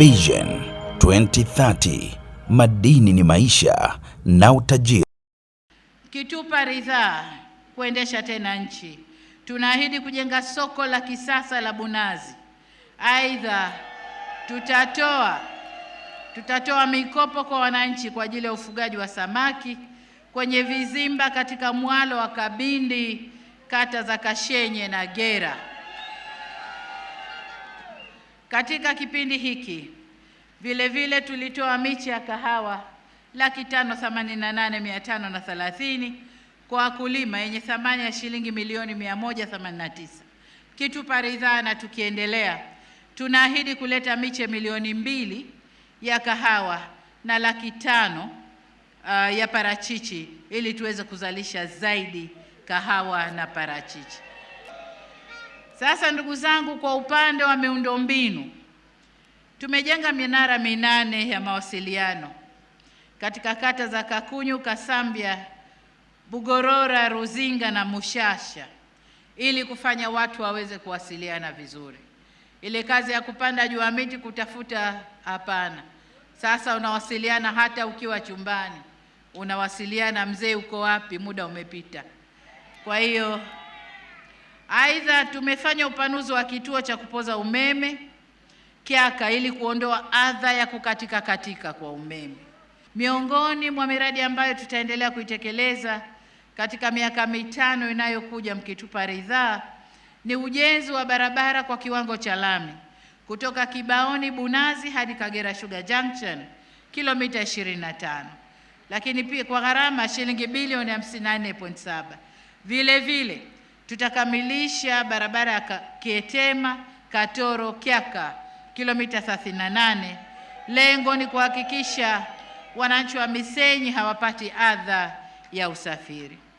Vision 2030 madini ni maisha na utajiri. Kitupa ridhaa kuendesha tena nchi, tunaahidi kujenga soko la kisasa la Bunazi. Aidha, tutatoa tutatoa mikopo kwa wananchi kwa ajili ya ufugaji wa samaki kwenye vizimba katika mwalo wa Kabindi, kata za Kashenye na Gera. Katika kipindi hiki vile vile tulitoa miche ya kahawa laki tano themanini na nane mia tano na thelathini kwa wakulima yenye thamani ya shilingi milioni 189. Kitupa ridhaa na tukiendelea, tunaahidi kuleta miche milioni mbili ya kahawa na laki tano uh, ya parachichi ili tuweze kuzalisha zaidi kahawa na parachichi. Sasa ndugu zangu, kwa upande wa miundombinu tumejenga minara minane ya mawasiliano katika kata za Kakunyu, Kasambia, Bugorora, Ruzinga na Mushasha ili kufanya watu waweze kuwasiliana vizuri. Ile kazi ya kupanda juu ya miti kutafuta, hapana. Sasa unawasiliana hata ukiwa chumbani, unawasiliana mzee uko wapi, muda umepita. Kwa hiyo Aidha, tumefanya upanuzi wa kituo cha kupoza umeme Kyaka ili kuondoa adha ya kukatika katika kwa umeme. Miongoni mwa miradi ambayo tutaendelea kuitekeleza katika miaka mitano inayokuja, mkitupa ridhaa, ni ujenzi wa barabara kwa kiwango cha lami kutoka Kibaoni Bunazi hadi Kagera Sugar Junction kilomita 25, lakini pia kwa gharama shilingi bilioni 54.7. Vile vile tutakamilisha barabara ya Kietema Katoro Kyaka kilomita 38. Lengo ni kuhakikisha wananchi wa Misenyi hawapati adha ya usafiri.